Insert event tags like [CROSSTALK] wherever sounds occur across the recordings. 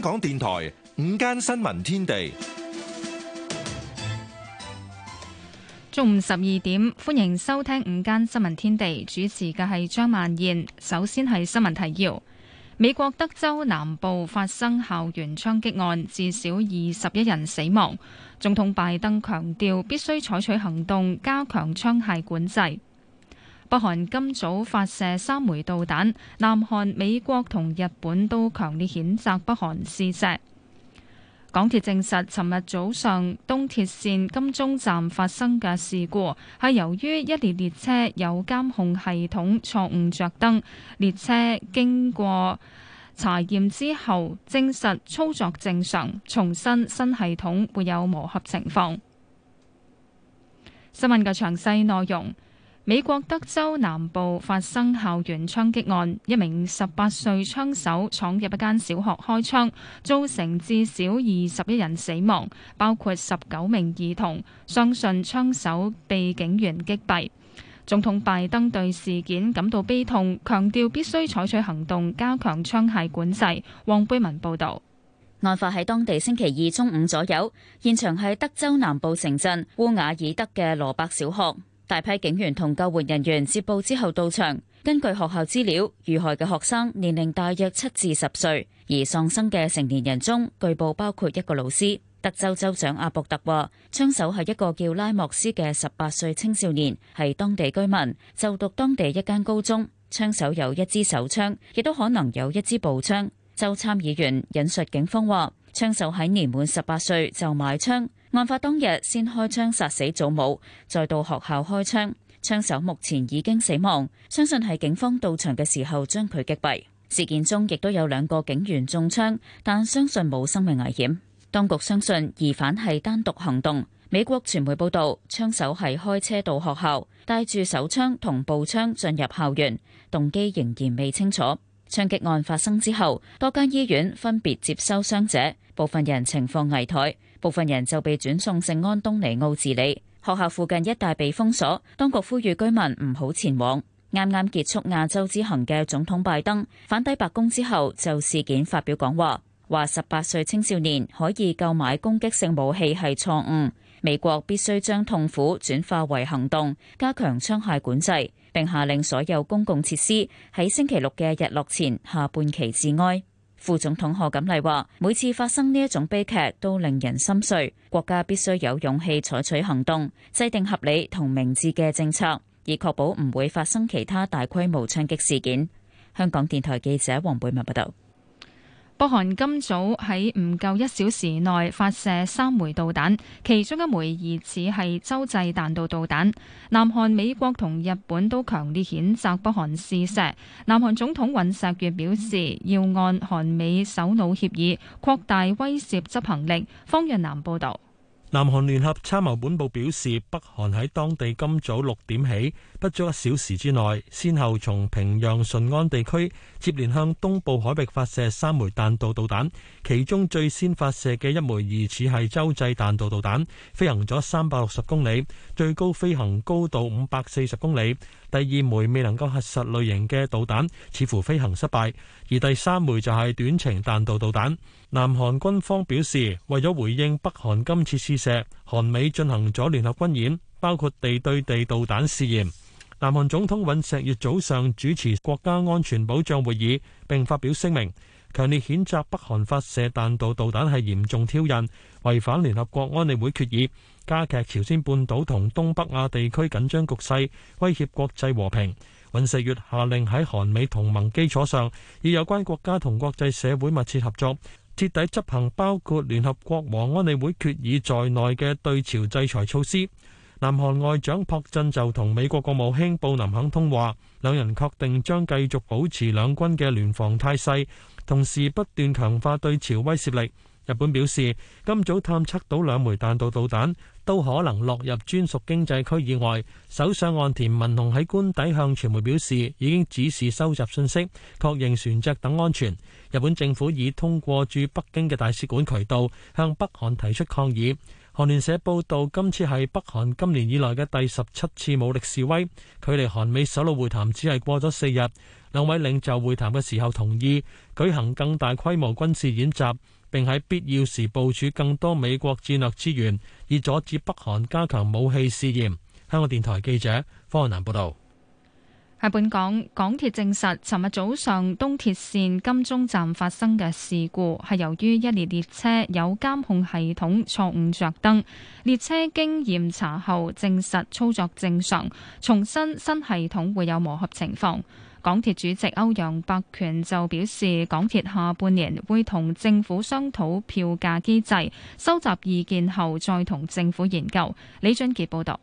香港電台午間新聞天地，中午十二點，歡迎收聽午間新聞天地，主持嘅係張曼燕。首先係新聞提要：美國德州南部發生校園槍擊案，至少二十一人死亡。總統拜登強調必須採取行動，加強槍械管制。北韓今早發射三枚導彈，南韓、美國同日本都強烈譴責北韓試射。港鐵證實，尋日早上東鐵線金鐘站發生嘅事故係由於一列列車有監控系統錯誤着燈，列車經過查驗之後證實操作正常，重申新系統會有磨合情況。新聞嘅詳細內容。美國德州南部發生校園槍擊案，一名十八歲槍手闖入一間小學開槍，造成至少二十一人死亡，包括十九名兒童。相信槍手被警員擊斃。總統拜登對事件感到悲痛，強調必須採取行動加強槍械管制。黃貝文報道，案發喺當地星期二中午左右，現場係德州南部城鎮烏瓦爾德嘅羅伯小學。大批警員同救援人員接報之後到場。根據學校資料，遇害嘅學生年齡大約七至十歲，而喪生嘅成年人中，據報包括一個老師。德州州長阿博特話，槍手係一個叫拉莫斯嘅十八歲青少年，係當地居民，就讀當地一間高中。槍手有一支手槍，亦都可能有一支步槍。州參議員引述警方話，槍手喺年滿十八歲就買槍。案發當日先開槍殺死祖母，再到學校開槍，槍手目前已經死亡，相信係警方到場嘅時候將佢擊斃。事件中亦都有兩個警員中槍，但相信冇生命危險。當局相信疑犯係單獨行動。美國傳媒報道，槍手係開車到學校，帶住手槍同步槍進入校園，動機仍然未清楚。槍擊案發生之後，多間醫院分別接收傷者，部分人情況危殆。部分人就被轉送聖安東尼奧治理，學校附近一帶被封鎖，當局呼籲居民唔好前往。啱啱結束亞洲之行嘅總統拜登返抵白宮之後，就事件發表講話，話十八歲青少年可以購買攻擊性武器係錯誤，美國必須將痛苦轉化為行動，加強槍械管制，並下令所有公共設施喺星期六嘅日落前下半旗致哀。副總統賀錦麗話：每次發生呢一種悲劇都令人心碎，國家必須有勇氣採取行動，制定合理同明智嘅政策，以確保唔會發生其他大規模槍擊事件。香港電台記者黃貝文報道。北韓今早喺唔夠一小時內發射三枚導彈，其中一枚疑似係洲際彈道導彈。南韓、美國同日本都強烈譴責北韓試射。南韓總統尹錫悅表示，要按韓美首腦協議擴大威懾執，執行力。方若南報導。南韓聯合參謀本部表示，北韓喺當地今早六點起，不足一小時之內，先後從平壤順安地區接連向東部海域發射三枚彈道導彈，其中最先發射嘅一枚疑似係洲際彈道導彈，飛行咗三百六十公里，最高飛行高度五百四十公里。第二枚未能夠核實類型嘅導彈似乎飛行失敗，而第三枚就係短程彈道導彈。南韓軍方表示，為咗回應北韓今次試射，韓美進行咗聯合軍演，包括地對地導彈試驗。南韓總統尹錫悅早上主持國家安全保障會議，並發表聲明，強烈譴責北韓發射彈道導彈係嚴重挑釁，違反聯合國安理會決議。加劇朝鮮半島同東北亞地區緊張局勢，威脅國際和平。尹錫悅下令喺韓美同盟基礎上，以有關國家同國際社會密切合作，徹底執行包括聯合國和安理會決議在內嘅對朝制裁措施。南韓外長朴振就同美國國務卿布林肯通話，兩人確定將繼續保持兩軍嘅聯防態勢，同時不斷強化對朝威懾力。日本表示，今早探測到兩枚彈道導彈，都可能落入專屬經濟區以外。首相岸田文雄喺官邸向傳媒表示，已經指示收集信息，確認船隻等安全。日本政府已通過駐北京嘅大使館渠道向北韓提出抗議。韓聯社報道，今次係北韓今年以來嘅第十七次武力示威，距離韓美首腦會談只係過咗四日。兩位領袖會談嘅時候同意舉行更大規模軍事演習。並喺必要時部署更多美國戰略資源，以阻止北韓加強武器試驗。香港電台記者方翰南報道。喺本港，港鐵證實，尋日早上東鐵線金鐘站發生嘅事故，係由於一列列車有監控系統錯誤着燈，列車經驗查後證實操作正常，重申新新系統會有磨合情況。港鐵主席歐陽伯權就表示，港鐵下半年會同政府商討票價機制，收集意見後再同政府研究。李俊傑報導。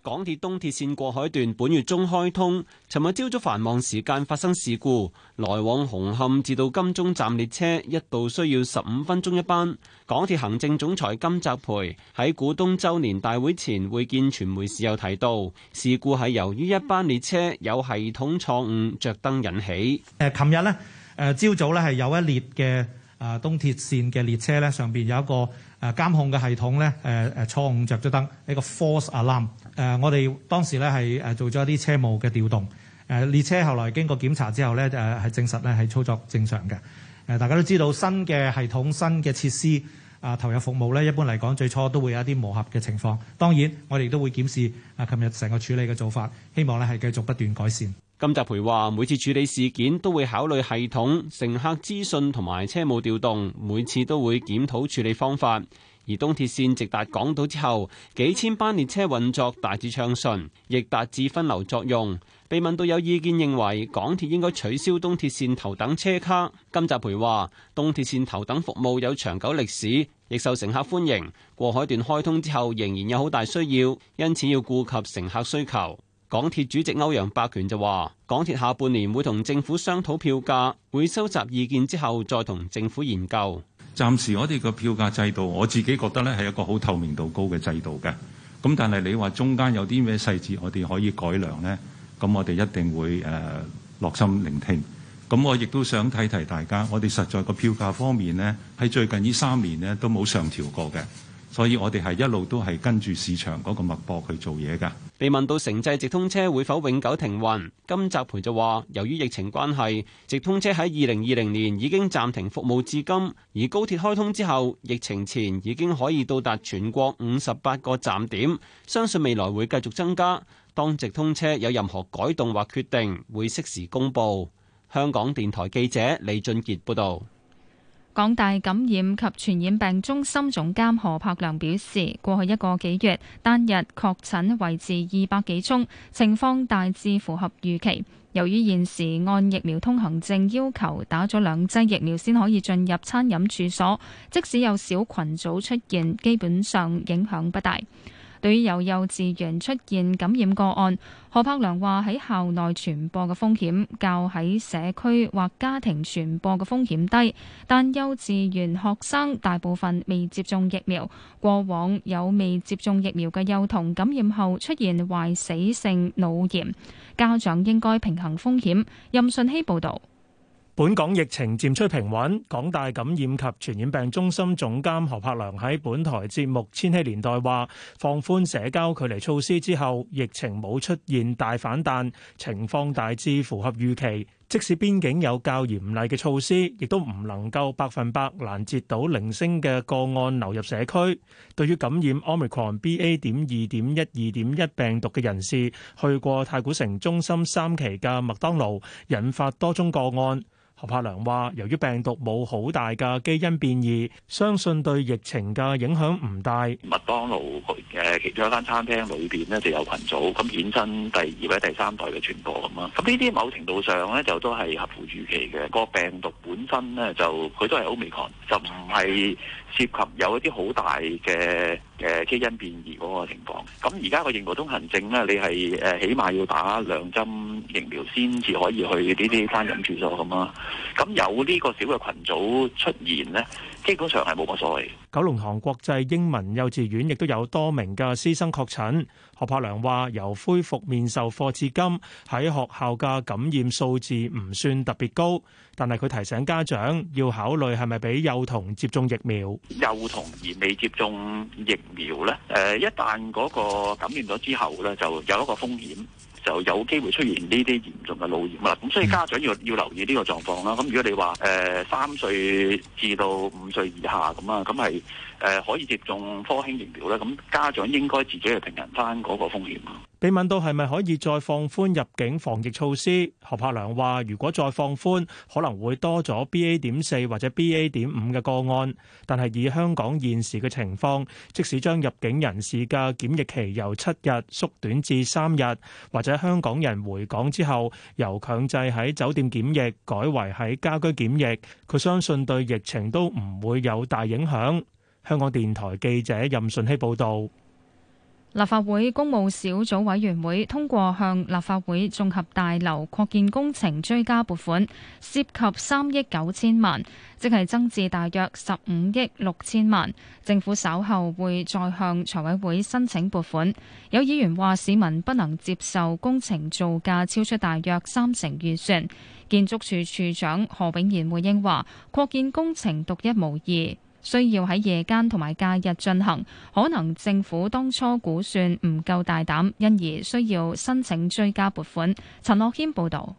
港鐵東鐵綫過海段本月中開通，尋日朝早繁忙時間發生事故，來往紅磡至到金鐘站列車一度需要十五分鐘一班。港鐵行政總裁金澤培喺股東周年大會前會見傳媒時有提到，事故係由於一班列車有系統錯誤着燈引起。誒，琴日呢，誒，朝早呢係有一列嘅誒東鐵綫嘅列車呢，上邊有一個。誒監控嘅系統咧，誒誒錯誤着咗燈，呢個 false alarm。誒、呃，我哋當時咧係誒做咗一啲車務嘅調動。誒、呃、列車後來經過檢查之後咧，誒、呃、係證實咧係操作正常嘅。誒、呃、大家都知道新嘅系統、新嘅設施啊、呃、投入服務咧，一般嚟講最初都會有一啲磨合嘅情況。當然我哋都會檢視啊，琴日成個處理嘅做法，希望咧係繼續不斷改善。金澤培話：每次處理事件都會考慮系統、乘客資訊同埋車務調動，每次都會檢討處理方法。而東鐵綫直達港島之後，幾千班列車運作大致暢順，亦達至分流作用。被問到有意見認為港鐵應該取消東鐵綫頭等車卡，金澤培話：東鐵綫頭等服務有長久歷史，亦受乘客歡迎。過海段開通之後，仍然有好大需要，因此要顧及乘客需求。港鐵主席歐陽伯權就話，港鐵下半年會同政府商討票價，會收集意見之後再同政府研究。暫時我哋個票價制度，我自己覺得咧係一個好透明度高嘅制度嘅。咁但係你話中間有啲咩細節我哋可以改良呢？咁我哋一定會誒落、呃、心聆聽。咁我亦都想提提大家，我哋實在個票價方面呢，喺最近呢三年呢都冇上調過嘅。所以我哋係一路都係跟住市場嗰個脈搏去做嘢㗎。被問到城際直通車會否永久停運，金澤培就話，由於疫情關係，直通車喺二零二零年已經暫停服務至今，而高鐵開通之後，疫情前已經可以到達全國五十八個站點，相信未來會繼續增加。當直通車有任何改動或決定，會適時公佈。香港電台記者李俊傑報道。港大感染及傳染病中心總監何柏良表示，過去一個幾月單日確診維持二百幾宗，情況大致符合預期。由於現時按疫苗通行證要求打咗兩劑疫苗先可以進入餐飲處所，即使有小群組出現，基本上影響不大。對於有幼稚園出現感染個案，何柏良話喺校內傳播嘅風險較喺社區或家庭傳播嘅風險低，但幼稚園學生大部分未接種疫苗，過往有未接種疫苗嘅幼童感染後出現壞死性腦炎，家長應該平衡風險。任信希報導。本港疫情漸趨平穩，港大感染及傳染病中心總監何柏良喺本台節目《千禧年代》話，放寬社交距離措施之後疫情冇出現大反彈情況，大致符合預期。即使邊境有較嚴厲嘅措施，亦都唔能夠百分百攔截到零星嘅個案流入社區，對於感染 omicron B A. 點二點一二點一病毒嘅人士，去過太古城中心三期嘅麥當勞引發多宗個案。何柏良話：由於病毒冇好大嘅基因變異，相信對疫情嘅影響唔大。麥當勞嘅其中一間餐廳裏邊咧就有群組咁衍生第二或者第三代嘅傳播咁啊。咁呢啲某程度上咧就都係合乎預期嘅。個病毒本身呢，ron, 就佢都係奧密克戎就唔係。涉及有一啲好大嘅誒基因變異嗰個情況，咁而家個疫苗通行證咧，你係誒起碼要打兩針疫苗先至可以去呢啲翻人住所咁啊，咁有呢個小嘅群組出現咧。基本上係冇乜所謂。九龍塘國際英文幼稚園亦都有多名嘅師生確診。何柏良話：由恢復面授課至今，喺學校嘅感染數字唔算特別高，但係佢提醒家長要考慮係咪俾幼童接種疫苗。幼童而未接種疫苗呢，誒，一旦嗰個感染咗之後呢，就有一個風險。就有機會出現呢啲嚴重嘅腦炎啦，咁所以家長要要留意呢個狀況啦。咁如果你話誒三歲至到五歲以下咁啊，咁係誒，可以接種科興疫苗咧。咁家長應該自己去平衡翻嗰個風險。被問到係咪可以再放寬入境防疫措施，何柏良話：如果再放寬，可能會多咗 BA.4 或者 BA.5 嘅個案。但係以香港現時嘅情況，即使將入境人士嘅檢疫期由七日縮短至三日，或者香港人回港之後由強制喺酒店檢疫，改為喺家居檢疫，佢相信對疫情都唔會有大影響。香港電台記者任順希報導。立法會工務小組委員會通過向立法會綜合大樓擴建工程追加撥款，涉及三億九千萬，即係增至大約十五億六千萬。政府稍後會再向財委會申請撥款。有議員話：市民不能接受工程造價超出大約三成預算。建築署署長何永賢回應話：擴建工程獨一無二。需要喺夜間同埋假日進行，可能政府當初估算唔夠大膽，因而需要申請追加撥款。陳樂謙報道。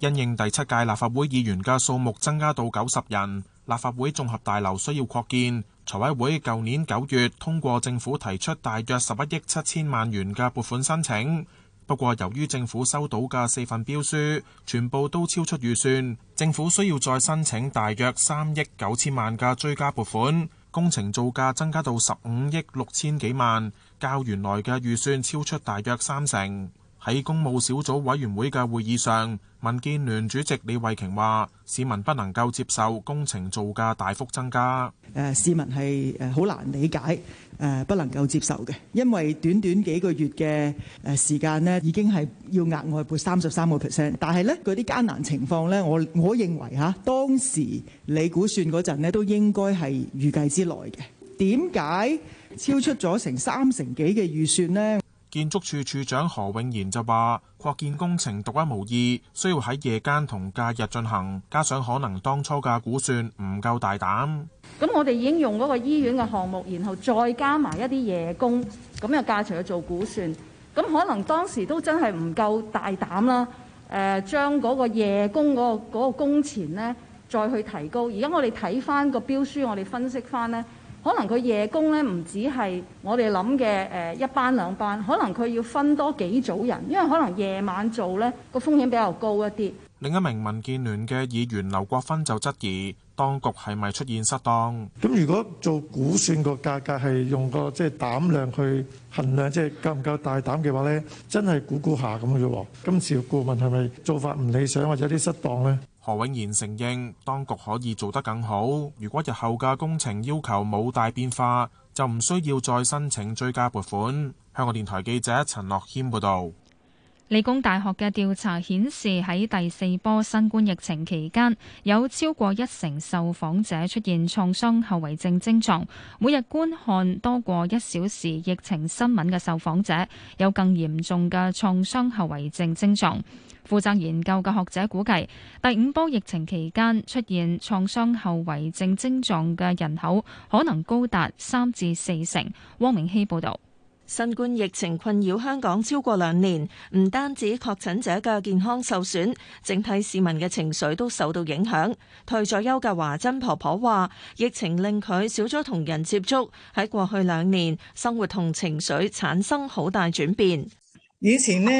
因應第七屆立法會議員嘅數目增加到九十人，立法會綜合大樓需要擴建，財委會舊年九月通過政府提出大約十一億七千萬元嘅撥款申請。不過，由於政府收到嘅四份標書全部都超出預算，政府需要再申請大約三億九千萬嘅追加撥款，工程造價增加到十五億六千幾萬，較原來嘅預算超出大約三成。喺公務小組委員會嘅會議上，民建聯主席李慧瓊話：市民不能夠接受工程造價大幅增加，誒，市民係誒好難理解，誒，不能夠接受嘅，因為短短幾個月嘅誒時間咧，已經係要額外撥三十三個 percent，但係咧嗰啲艱難情況咧，我我認為吓，啊，當時你估算嗰陣呢，都應該係預計之內嘅，點解超出咗成三成幾嘅預算呢？建築處處長何永賢就話：擴建工程獨一無二，需要喺夜間同假日進行，加上可能當初嘅估算唔夠大膽。咁我哋已經用嗰個醫院嘅項目，然後再加埋一啲夜工，咁又加除去做估算，咁可能當時都真係唔夠大膽啦。誒、呃，將嗰個夜工嗰個個工錢呢，再去提高。而家我哋睇翻個標書，我哋分析翻呢。可能佢夜工咧，唔止係我哋諗嘅誒，一班兩班，可能佢要分多幾組人，因為可能夜晚做咧，個風險比較高一啲。另一名民建聯嘅議員劉國芬就質疑。當局係咪出現失當？咁如果做估算個價格係用個即係膽量去衡量，即係夠唔夠大膽嘅話呢，真係估估下咁嘅啫。今次顧問係咪做法唔理想或者有啲失當呢？何永賢承認當局可以做得更好。如果日後嘅工程要求冇大變化，就唔需要再申請追加撥款。香港電台記者陳樂軒報導。理工大學嘅調查顯示，喺第四波新冠疫情期間，有超過一成受訪者出現創傷後遺症症狀。每日觀看多過一小時疫情新聞嘅受訪者，有更嚴重嘅創傷後遺症症狀。負責研究嘅學者估計，第五波疫情期間出現創傷後遺症症狀嘅人口可能高達三至四成。汪明希報導。新冠疫情困擾香港超過兩年，唔單止確診者嘅健康受損，整體市民嘅情緒都受到影響。退咗休嘅華珍婆婆話疫情令佢少咗同人接觸，喺過去兩年生活同情緒產生好大轉變。以前呢，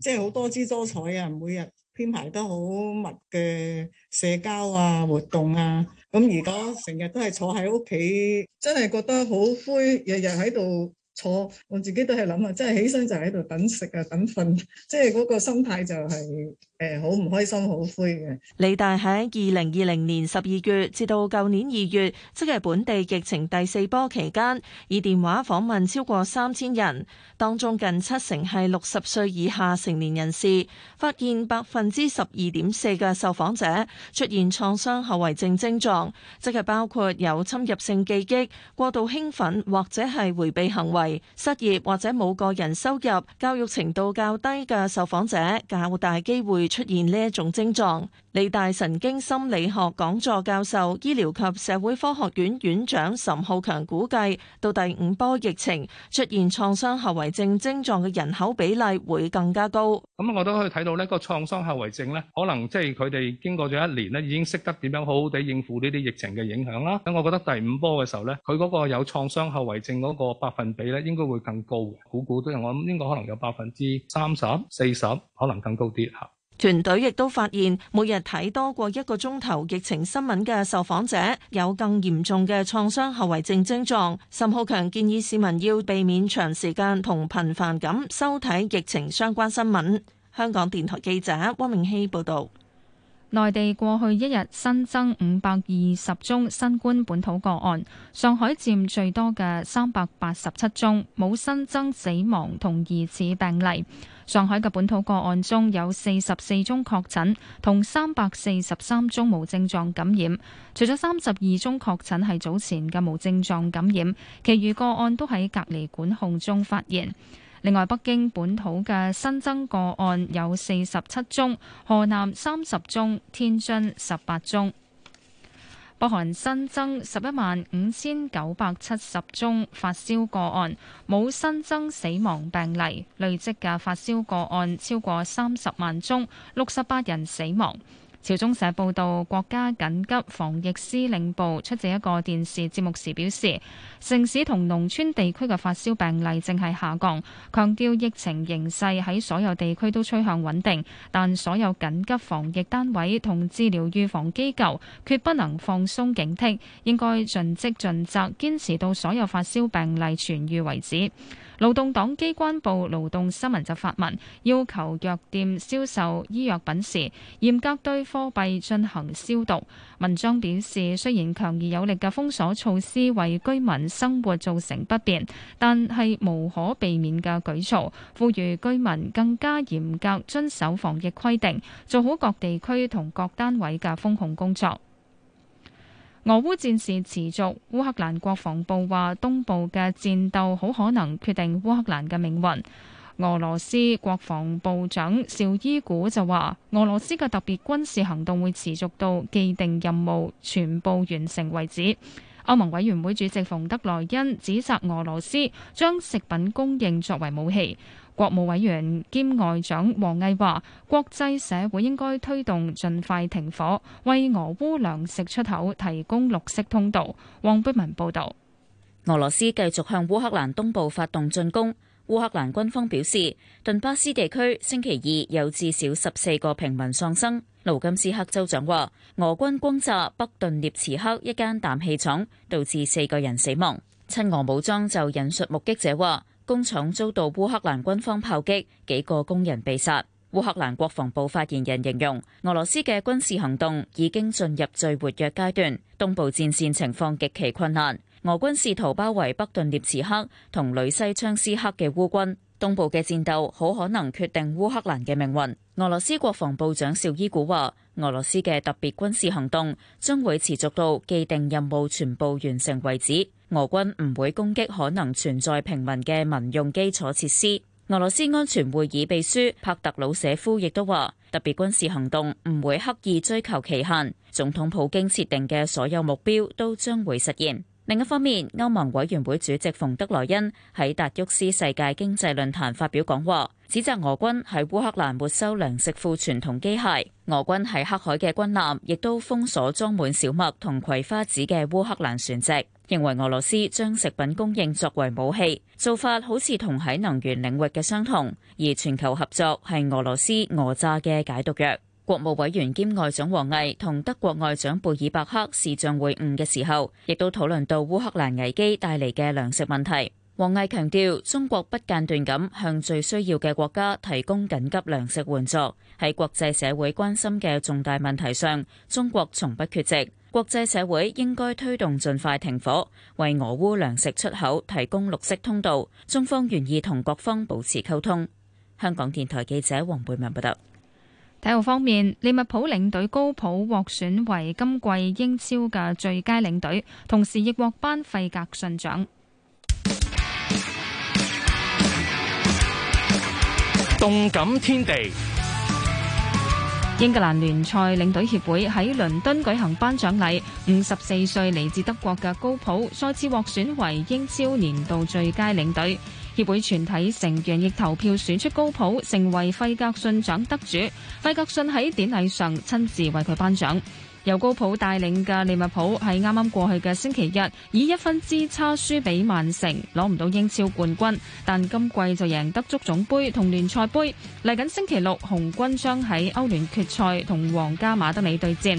即係好多姿多彩啊，每日編排得好密嘅社交啊活動啊，咁而家成日都係坐喺屋企，真係覺得好灰，日日喺度。坐我自己都係諗啊，即係起身就喺度等食啊，等瞓，即係嗰個心態就係、是。誒，好唔開心，好灰嘅。理大喺二零二零年十二月至到舊年二月，即係本地疫情第四波期間，以電話訪問超過三千人，當中近七成係六十歲以下成年人士，發現百分之十二點四嘅受訪者出現創傷後遺症症狀，即係包括有侵入性記憶、過度興奮或者係回避行為、失業或者冇個人收入、教育程度較低嘅受訪者較大機會，出現呢一種症狀，理大神經心理學講座教授、醫療及社會科學院院長岑浩強估計，到第五波疫情出現創傷後遺症症狀嘅人口比例會更加高。咁我都可以睇到呢個創傷後遺症呢，可能即係佢哋經過咗一年呢，已經識得點樣好好地應付呢啲疫情嘅影響啦。咁，我覺得第五波嘅時候呢，佢嗰個有創傷後遺症嗰個百分比呢，應該會更高，估估都係。我諗應該可能有百分之三十、四十，可能更高啲吓。團隊亦都發現，每日睇多過一個鐘頭疫情新聞嘅受訪者，有更嚴重嘅創傷後遺症症狀。沈浩強建議市民要避免長時間同頻繁咁收睇疫情相關新聞。香港電台記者汪明熙報導。內地過去一日新增五百二十宗新冠本土個案，上海佔最多嘅三百八十七宗，冇新增死亡同疑似病例。上海嘅本土個案中有四十四宗確診，同三百四十三宗無症狀感染。除咗三十二宗確診係早前嘅無症狀感染，其餘個案都喺隔離管控中發現。另外，北京本土嘅新增個案有四十七宗，河南三十宗，天津十八宗。北韓新增十一萬五千九百七十宗發燒個案，冇新增死亡病例，累積嘅發燒個案超過三十萬宗，六十八人死亡。朝中社報道，國家緊急防疫司令部出席一個電視節目時表示，城市同農村地區嘅發燒病例正係下降，強調疫情形勢喺所有地區都趨向穩定，但所有緊急防疫單位同治療預防機構決不能放鬆警惕，應該盡職盡責，堅持到所有發燒病例痊愈為止。勞動黨機關報《勞動新聞》就發文要求藥店銷售醫藥品時，嚴格對貨幣進行消毒。文章表示，雖然強而有力嘅封鎖措施為居民生活造成不便，但係無可避免嘅舉措，呼籲居民更加嚴格遵守防疫規定，做好各地區同各單位嘅封控工作。俄烏戰事持續，烏克蘭國防部話東部嘅戰鬥好可能決定烏克蘭嘅命運。俄羅斯國防部長邵伊古就話：俄羅斯嘅特別軍事行動會持續到既定任務全部完成為止。歐盟委員會主席馮德萊恩指責俄羅斯將食品供應作為武器。國務委員兼外長王毅話：國際社會應該推動盡快停火，為俄烏糧食出口提供綠色通道。黃碧文報道。俄羅斯繼續向烏克蘭東部發動進攻。烏克蘭軍方表示，頓巴斯地區星期二有至少十四個平民喪生。盧金斯克州長話：俄軍轟炸北頓涅茨克一間氮氣廠，導致四個人死亡。親俄武裝就引述目擊者話。工廠遭到烏克蘭軍方炮擊，幾個工人被殺。烏克蘭國防部發言人形容，俄羅斯嘅軍事行動已經進入最活躍階段，東部戰綫情況極其困難。俄軍試圖包圍北頓涅茨克同雷西昌斯克嘅烏軍。東部嘅戰鬥好可能決定烏克蘭嘅命運。俄羅斯國防部長紹伊古話：俄羅斯嘅特別軍事行動將會持續到既定任務全部完成為止。俄軍唔會攻擊可能存在平民嘅民用基礎設施。俄羅斯安全會議秘書帕特魯舍夫亦都話：特別軍事行動唔會刻意追求期限。總統普京設定嘅所有目標都將會實現。另一方面，歐盟委員會主席馮德萊恩喺達沃斯世界經濟論壇發表講話，指責俄軍喺烏克蘭沒收糧食庫存同機械，俄軍喺黑海嘅軍艦亦都封鎖裝滿小麥同葵花籽嘅烏克蘭船隻，認為俄羅斯將食品供應作為武器，做法好似同喺能源領域嘅相同，而全球合作係俄羅斯訛詐嘅解毒藥。國務委員兼外長王毅同德國外長貝爾伯克視像會晤嘅時候，亦都討論到烏克蘭危機帶嚟嘅糧食問題。王毅強調，中國不間斷咁向最需要嘅國家提供緊急糧食援助，喺國際社會關心嘅重大問題上，中國從不缺席。國際社會應該推動盡快停火，為俄烏糧食出口提供綠色通道。中方願意同各方保持溝通。香港電台記者黃貝文報道。體育方面，利物浦領隊高普獲選為今季英超嘅最佳領隊，同時亦獲頒費格遜獎。動感天地，英格蘭聯賽領隊協會喺倫敦舉行頒獎禮，五十四歲嚟自德國嘅高普再次獲選為英超年度最佳領隊。協會全體成員亦投票選出高普成為費格遜獎得主，費格遜喺典禮上親自為佢頒獎。由高普帶領嘅利物浦喺啱啱過去嘅星期日以一分之差輸俾曼城，攞唔到英超冠軍。但今季就贏得足總盃同聯賽盃。嚟緊星期六，紅軍將喺歐聯決賽同皇家馬德里對戰。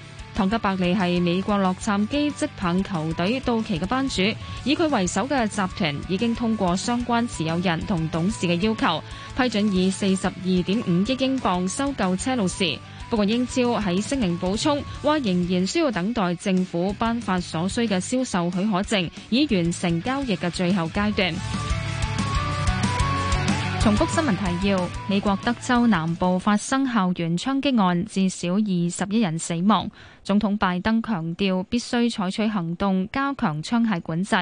唐吉伯利係美國洛杉磯職棒球隊到期嘅班主，以佢為首嘅集團已經通過相關持有人同董事嘅要求，批准以四十二點五億英鎊收購車路士。不過英超喺聲明補充話，仍然需要等待政府頒發所需嘅銷售許可證，以完成交易嘅最後階段。重複新聞提要：美國德州南部發生校園槍擊案，至少二十一人死亡。總統拜登強調必須採取行動，加強槍械管制。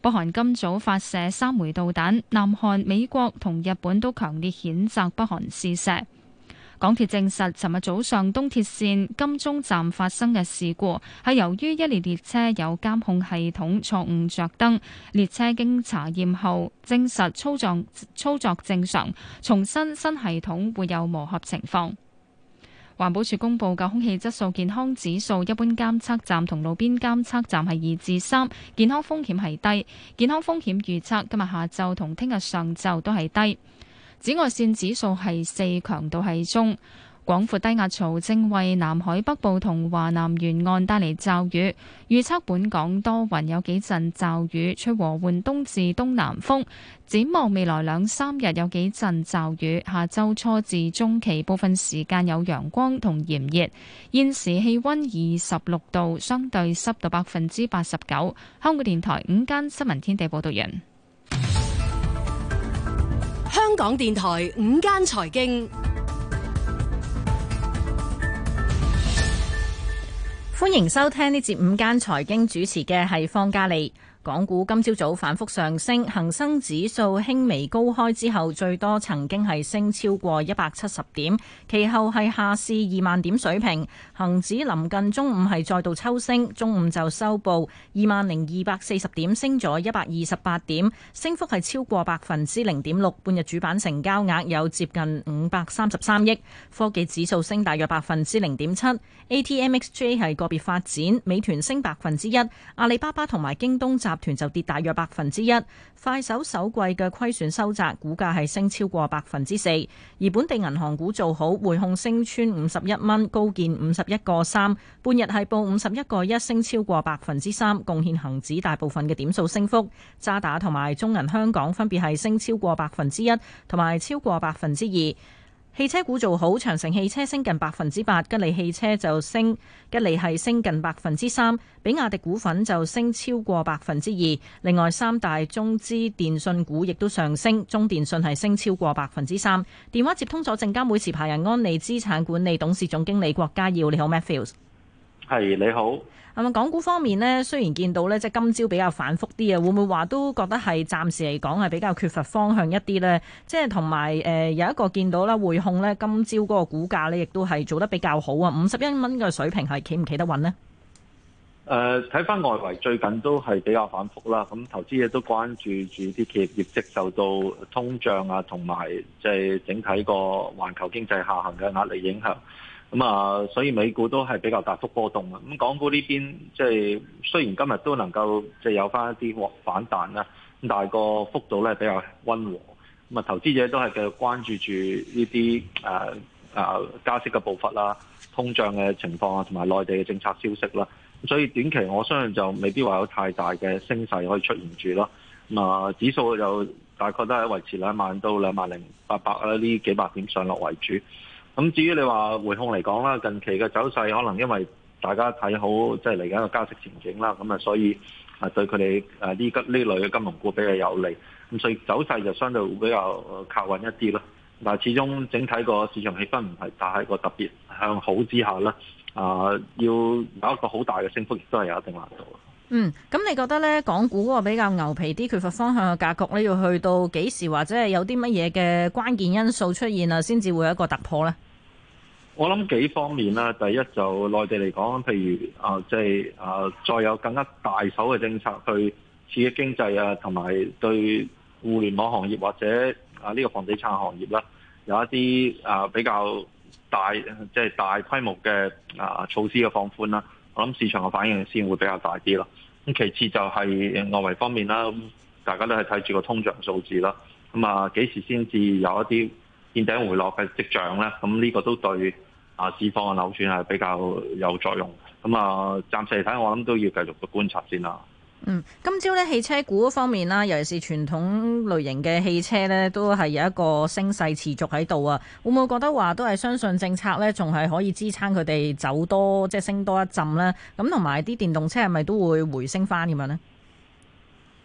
北韓今早發射三枚導彈，南韓、美國同日本都強烈譴責北韓試射。港鐵證實，尋日早上東鐵綫金鐘站發生嘅事故，係由於一列列車有監控系統錯誤着燈，列車經查驗後證實操作操作正常，重新新系統會有磨合情況。環保署公布嘅空氣質素健康指數，一般監測站同路邊監測站係二至三，健康風險係低，健康風險預測今日下晝同聽日上晝都係低。紫外線指數係四，強度係中。廣闊低壓槽正為南海北部同華南沿岸帶嚟驟雨，預測本港多雲，有幾陣驟雨，吹和緩東至東南風。展望未來兩三日有幾陣驟雨，下週初至中期部分時間有陽光同炎熱。現時氣溫二十六度，相對濕度百分之八十九。香港電台午間新聞天地報道人。香港電台午間財經，歡迎收聽呢節午間財經主持嘅係方嘉莉。港股今朝早反覆上升，恒生指數輕微高開之後，最多曾經係升超過一百七十點，其後係下試二萬點水平。恒指臨近中午係再度抽升，中午就收報二萬零二百四十點，升咗一百二十八點，升幅係超過百分之零點六。半日主板成交額有接近五百三十三億，科技指數升大約百分之零點七。ATMXJ 係個別發展，美團升百分之一，阿里巴巴同埋京東集。團就跌大約百分之一，快手首季嘅虧損收窄，股價係升超過百分之四，而本地銀行股做好，匯控升穿五十一蚊，高見五十一個三，半日係報五十一個一，升超過百分之三，貢獻恒指大部分嘅點數升幅。渣打同埋中銀香港分別係升超過百分之一同埋超過百分之二。汽車股做好，長城汽車升近百分之八，吉利汽車就升，吉利係升近百分之三，比亞迪股份就升超過百分之二。另外三大中資電信股亦都上升，中電信係升超過百分之三。電話接通咗證監會持牌人安利資產管理董事總經理郭家耀，你好，Matthews。係你好，係咪港股方面呢，雖然見到呢，即係今朝比較反覆啲啊，會唔會話都覺得係暫時嚟講係比較缺乏方向一啲呢？即係同埋誒，有一個見到啦，匯控呢，今朝嗰個股價呢，亦都係做得比較好啊，五十一蚊嘅水平係企唔企得穩呢？誒、呃，睇翻，外圍最近都係比較反覆啦，咁投資者都關注住啲企業業績受到通脹啊，同埋即係整體個環球經濟下行嘅壓力影響。咁啊、嗯，所以美股都係比較大幅波動啊。咁港股呢邊，即係、就是、雖然今日都能夠，即、就、係、是、有翻一啲獲反彈啦，咁但係個幅度咧比較溫和。咁、嗯、啊，投資者都係繼續關注住呢啲誒誒加息嘅步伐啦、通脹嘅情況啊，同埋內地嘅政策消息啦。咁所以短期我相信就未必話有太大嘅升勢可以出現住咯。咁、嗯、啊，指數就大概都係維持兩萬到兩萬零八百啦，呢幾百點上落為主。咁至於你話匯控嚟講啦，近期嘅走勢可能因為大家睇好，即係嚟緊個加息前景啦，咁啊，所以啊對佢哋啊呢吉呢類嘅金融股比較有利，咁所以走勢就相對會比較靠穩一啲咯。但係始終整體個市場氣氛唔係帶喺個特別向好之下啦，啊、呃、要有一個好大嘅升幅，亦都係有一定難度。嗯，咁你覺得咧，港股個比較牛皮啲缺乏方向嘅格局咧，要去到幾時或者係有啲乜嘢嘅關鍵因素出現啊，先至會有一個突破咧？我諗幾方面啦，第一就內地嚟講，譬如啊，即係啊，再有更加大手嘅政策去刺激經濟啊，同埋對互聯網行業或者啊呢個房地產行業啦，有一啲啊比較大即係大規模嘅啊措施嘅放寬啦，我諗市場嘅反應先會比較大啲咯。咁其次就係外圍方面啦，大家都係睇住個通脹數字啦。咁啊幾時先至有一啲見頂回落嘅跡象咧？咁呢個都對，啊，市況嘅扭轉係比較有作用，咁啊，暫時嚟睇，我諗都要繼續去觀察先啦。嗯，今朝咧汽車股方面啦，尤其是傳統類型嘅汽車咧，都係有一個升勢持續喺度啊。會唔會覺得話都係相信政策咧，仲係可以支撐佢哋走多，即係升多一陣咧？咁同埋啲電動車係咪都會回升翻咁樣呢？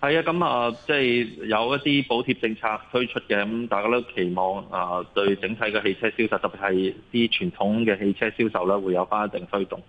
係啊，咁啊，即、嗯、係、就是、有一啲補貼政策推出嘅，咁、嗯、大家都期望啊，對整體嘅汽車銷售，特別係啲傳統嘅汽車銷售咧，會有翻一定推動。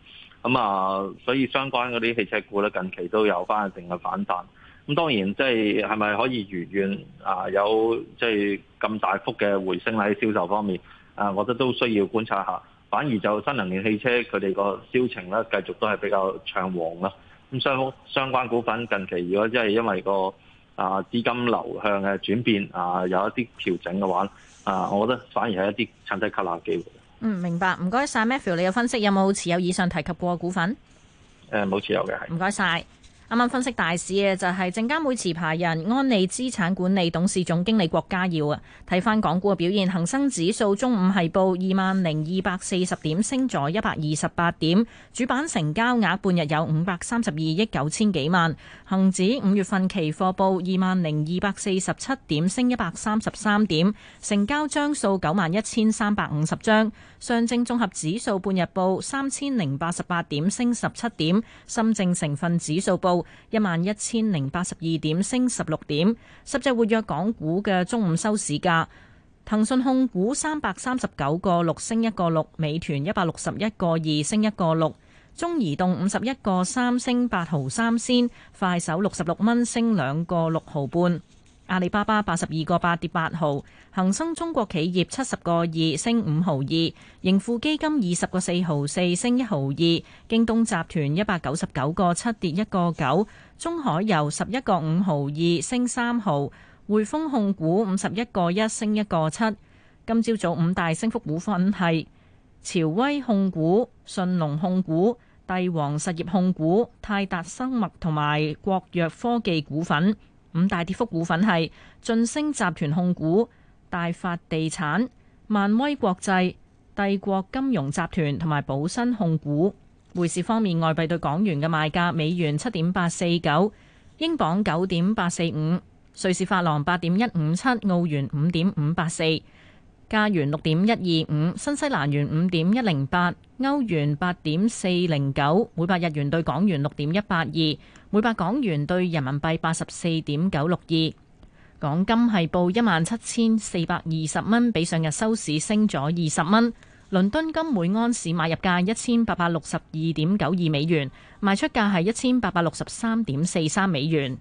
咁、嗯、啊，所以相關嗰啲汽車股咧，近期都有翻一定嘅反彈。咁、嗯、當然，即係係咪可以如願啊？有即係咁大幅嘅回升喺銷售方面啊？我覺得都需要觀察下。反而就新能源汽車佢哋個銷情咧，繼續都係比較暢旺啦。咁相相關股份近期如果即係因為個啊資金流向嘅轉變啊有一啲調整嘅話，啊，我覺得反而係一啲趁低吸納嘅機會。嗯，明白。唔該晒，Matthew，你嘅分析有冇持有以上提及過嘅股份？誒、嗯，冇持有嘅係。唔該晒。啱啱分析大市嘅就係證監會持牌人安利資產管理董事總經理郭家耀啊！睇翻，港股嘅表現，恒生指數中午係報二萬零二百四十點，升咗一百二十八點，主板成交額半日有五百三十二億九千幾萬，恒指五月份期貨報二萬零二百四十七點，升一百三十三點，成交張數九萬一千三百五十張。上證綜合指數半日報三千零八十八點，升十七點；深證成分指數報一萬一千零八十二點，升十六點。十隻活躍港股嘅中午收市價：騰訊控股三百三十九個六，升一個六；美團一百六十一個二，升一個六；中移動五十一個三，升八毫三仙；快手六十六蚊，升兩個六毫半。阿里巴巴八十二個八跌八毫，恒生中國企業七十個二升五毫二，盈富基金二十個四毫四升一毫二，京東集團一百九十九個七跌一個九，中海油十一個五毫二升三毫，匯豐控股五十一個一升一個七。今朝早五大升幅股份係潮威控股、順隆控股、帝王實業控股、泰達生物同埋國藥科技股份。五大跌幅股份係晉升集團控股、大發地產、萬威國際、帝國金融集團同埋寶新控股。匯市方面，外幣對港元嘅賣價：美元七點八四九，英鎊九點八四五，瑞士法郎八點一五七，澳元五點五八四。加元六點一二五，125, 新西蘭元五點一零八，歐元八點四零九，每百日元對港元六點一八二，每百港元對人民幣八十四點九六二。港金係報一萬七千四百二十蚊，比上日收市升咗二十蚊。倫敦金每盎司買入價一千八百六十二點九二美元，賣出價係一千八百六十三點四三美元。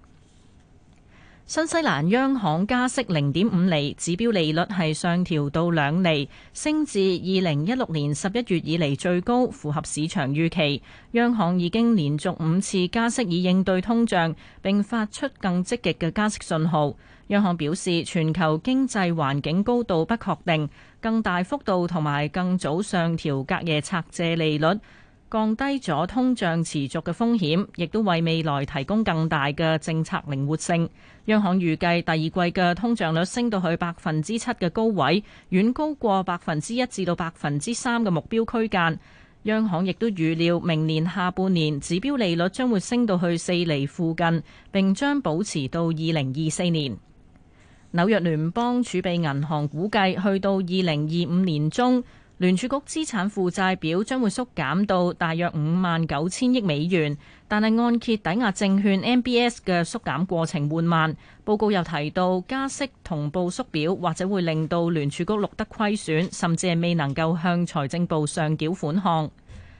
新西蘭央行加息零點五厘，指標利率係上調到兩厘，升至二零一六年十一月以嚟最高，符合市場預期。央行已經連續五次加息以應對通脹，並發出更積極嘅加息信號。央行表示，全球經濟環境高度不確定，更大幅度同埋更早上調隔夜拆借利率，降低咗通脹持續嘅風險，亦都為未來提供更大嘅政策靈活性。央行預計第二季嘅通脹率升到去百分之七嘅高位，遠高過百分之一至到百分之三嘅目標區間。央行亦都預料明年下半年指標利率將會升到去四厘附近，並將保持到二零二四年。紐約聯邦儲備銀行估計去到二零二五年中。聯儲局資產負債表將會縮減到大約五萬九千億美元，但係按揭抵押證券 MBS 嘅縮減過程緩慢。報告又提到加息同步縮表，或者會令到聯儲局錄得虧損，甚至係未能夠向財政部上繳款項。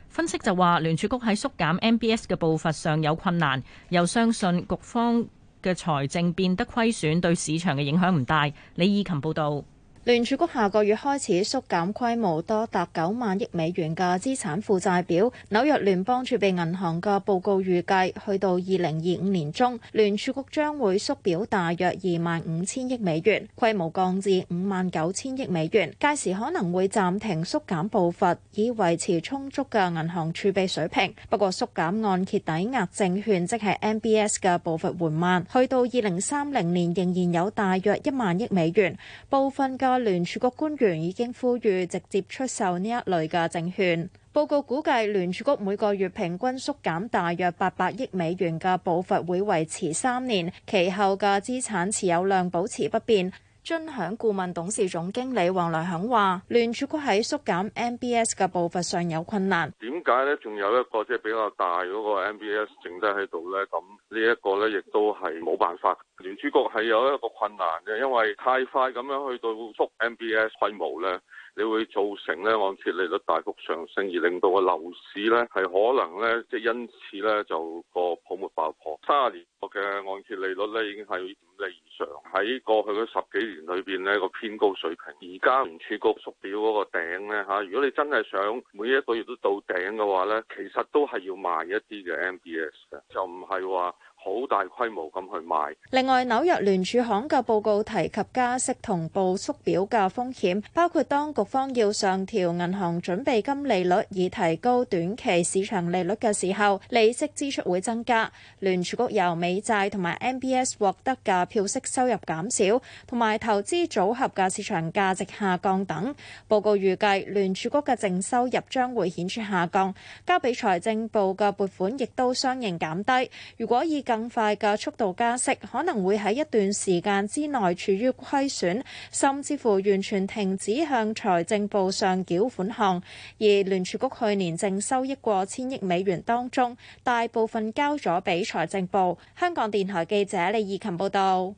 分析就話聯儲局喺縮減 MBS 嘅步伐上有困難，又相信局方嘅財政變得虧損對市場嘅影響唔大。李以琴報導。聯儲局下個月開始縮減規模，多達九萬億美元嘅資產負債表。紐約聯邦儲備銀行嘅報告預計，去到二零二五年中，聯儲局將會縮表大約二萬五千億美元，規模降至五萬九千億美元。屆時可能會暫停縮減步伐，以維持充足嘅銀行儲備水平。不過，縮減按揭抵押證券即係 MBS 嘅步伐緩慢，去到二零三零年仍然有大約一萬億美元，部分嘅。聯儲局官員已經呼籲直接出售呢一類嘅證券。報告估計，聯儲局每個月平均縮減大約八百億美元嘅步伐會維持三年，其後嘅資產持有量保持不變。尊享顧問董事總經理黃來肯話，聯儲局喺縮減 MBS 嘅步伐上有困難。點解咧？仲有一個即係比較大嗰個 MBS 剩低喺度咧？咁呢一個咧，亦都係冇辦法。聯儲局係有一個困難嘅，因為太快咁樣去到縮 MBS 規模咧。你會造成咧按揭利率大幅上升，而令到個樓市咧係可能咧即係因此咧就個泡沫爆破。三十年嘅按揭利率咧已經係五厘以上，喺過去嗰十幾年裏邊咧個偏高水平。而家聯儲局縮表嗰個頂咧嚇，如果你真係想每一個月都到頂嘅話咧，其實都係要賣一啲嘅 MBS 嘅，就唔係話。好大規模咁去賣。另外，紐約聯儲行嘅報告提及加息同步縮表嘅風險，包括當局方要上調銀行準備金利率以提高短期市場利率嘅時候，利息支出會增加；聯儲局由美債同埋 MBS 獲得嘅票息收入減少，同埋投資組合嘅市場價值下降等。報告預計聯儲局嘅淨收入將會顯著下降，交俾財政部嘅撥款亦都相應減低。如果以更快嘅速度加息，可能會喺一段時間之內處於虧損，甚至乎完全停止向財政部上繳款項，而聯儲局去年淨收益過千億美元當中，大部分交咗俾財政部。香港電台記者李義琴報道。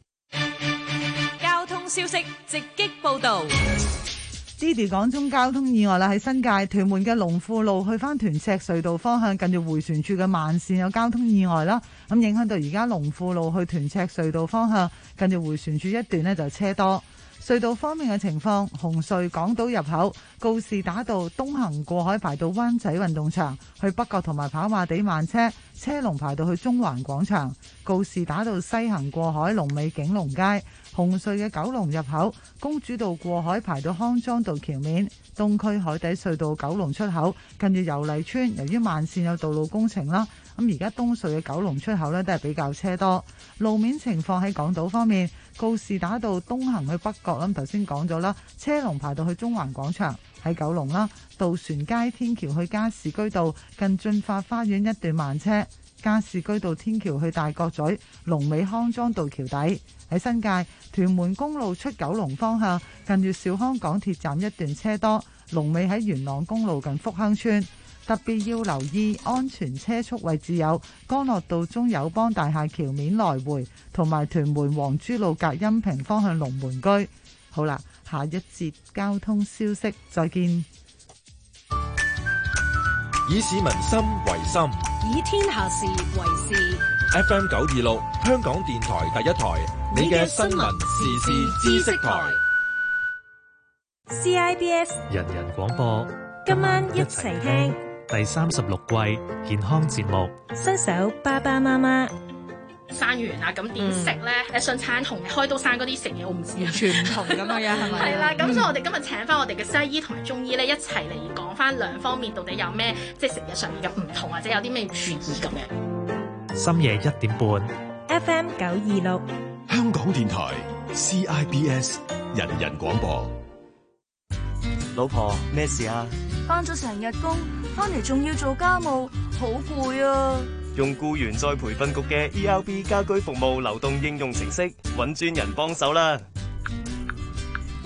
交通消息直擊報道。Didi 港中交通意外啦，喺新界屯門嘅龍富路去返屯赤隧道方向，近住回旋處嘅慢線有交通意外啦，咁影響到而家龍富路去屯赤隧道方向近住回旋處一段咧就車多。隧道方面嘅情況，紅隧港島入口告士打道東行過海排到灣仔運動場，去北角同埋跑馬地慢車，車龍排到去中環廣場。告士打道西行過海龍尾景隆街，紅隧嘅九龍入口公主道過海排到康莊道橋面。東區海底隧道九龍出口近住油麗村，由於慢線有道路工程啦，咁而家東隧嘅九龍出口呢，都係比較車多。路面情況喺港島方面。告士打道東行去北角噉，頭先講咗啦，車龍排到去中環廣場。喺九龍啦，渡船街天橋去加士居道近駿發花園一段慢車，加士居道天橋去大角咀龍尾康莊道橋底。喺新界屯門公路出九龍方向近住兆康港鐵站一段車多，龍尾喺元朗公路近福亨村。特別要留意安全車速位置有江樂道中友邦大廈橋面來回，同埋屯門黃珠路隔音屏方向龍門居。好啦，下一節交通消息，再見。以市民心為心，以天下事為事。FM 九二六，香港電台第一台，你嘅新聞時事知識台。CIBS 人人廣播，今晚一齊聽。第三十六季健康節目，新手爸爸媽媽生完啦，咁點、嗯、食咧？順產同開刀生嗰啲食嘢，我唔知，完全唔同咁樣，係咪？ [LAUGHS] 係啦、嗯，咁所以我哋今日請翻我哋嘅西醫同埋中醫咧，一齊嚟講翻兩方面到底有咩即係食嘢上面嘅唔同，或者有啲咩注意咁樣。深夜一點半、嗯，FM 九二六，香港電台 CIBS 人，人人廣播。老婆咩事啊？翻咗成日工。翻嚟仲要做家務，好攰啊！用雇員再培訓局嘅 ERB 家居服務流動應用程式，搵專人幫手啦！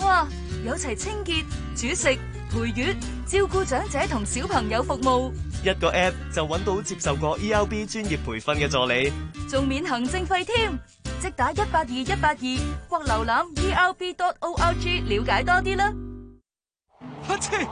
哇，有齊清潔、煮食、陪月、照顧長者同小朋友服務，一個 App 就搵到接受過 ERB 專業培訓嘅助理，仲免行政費添，即打一八二一八二或瀏覽 ERB.org 了解多啲啦！哈切！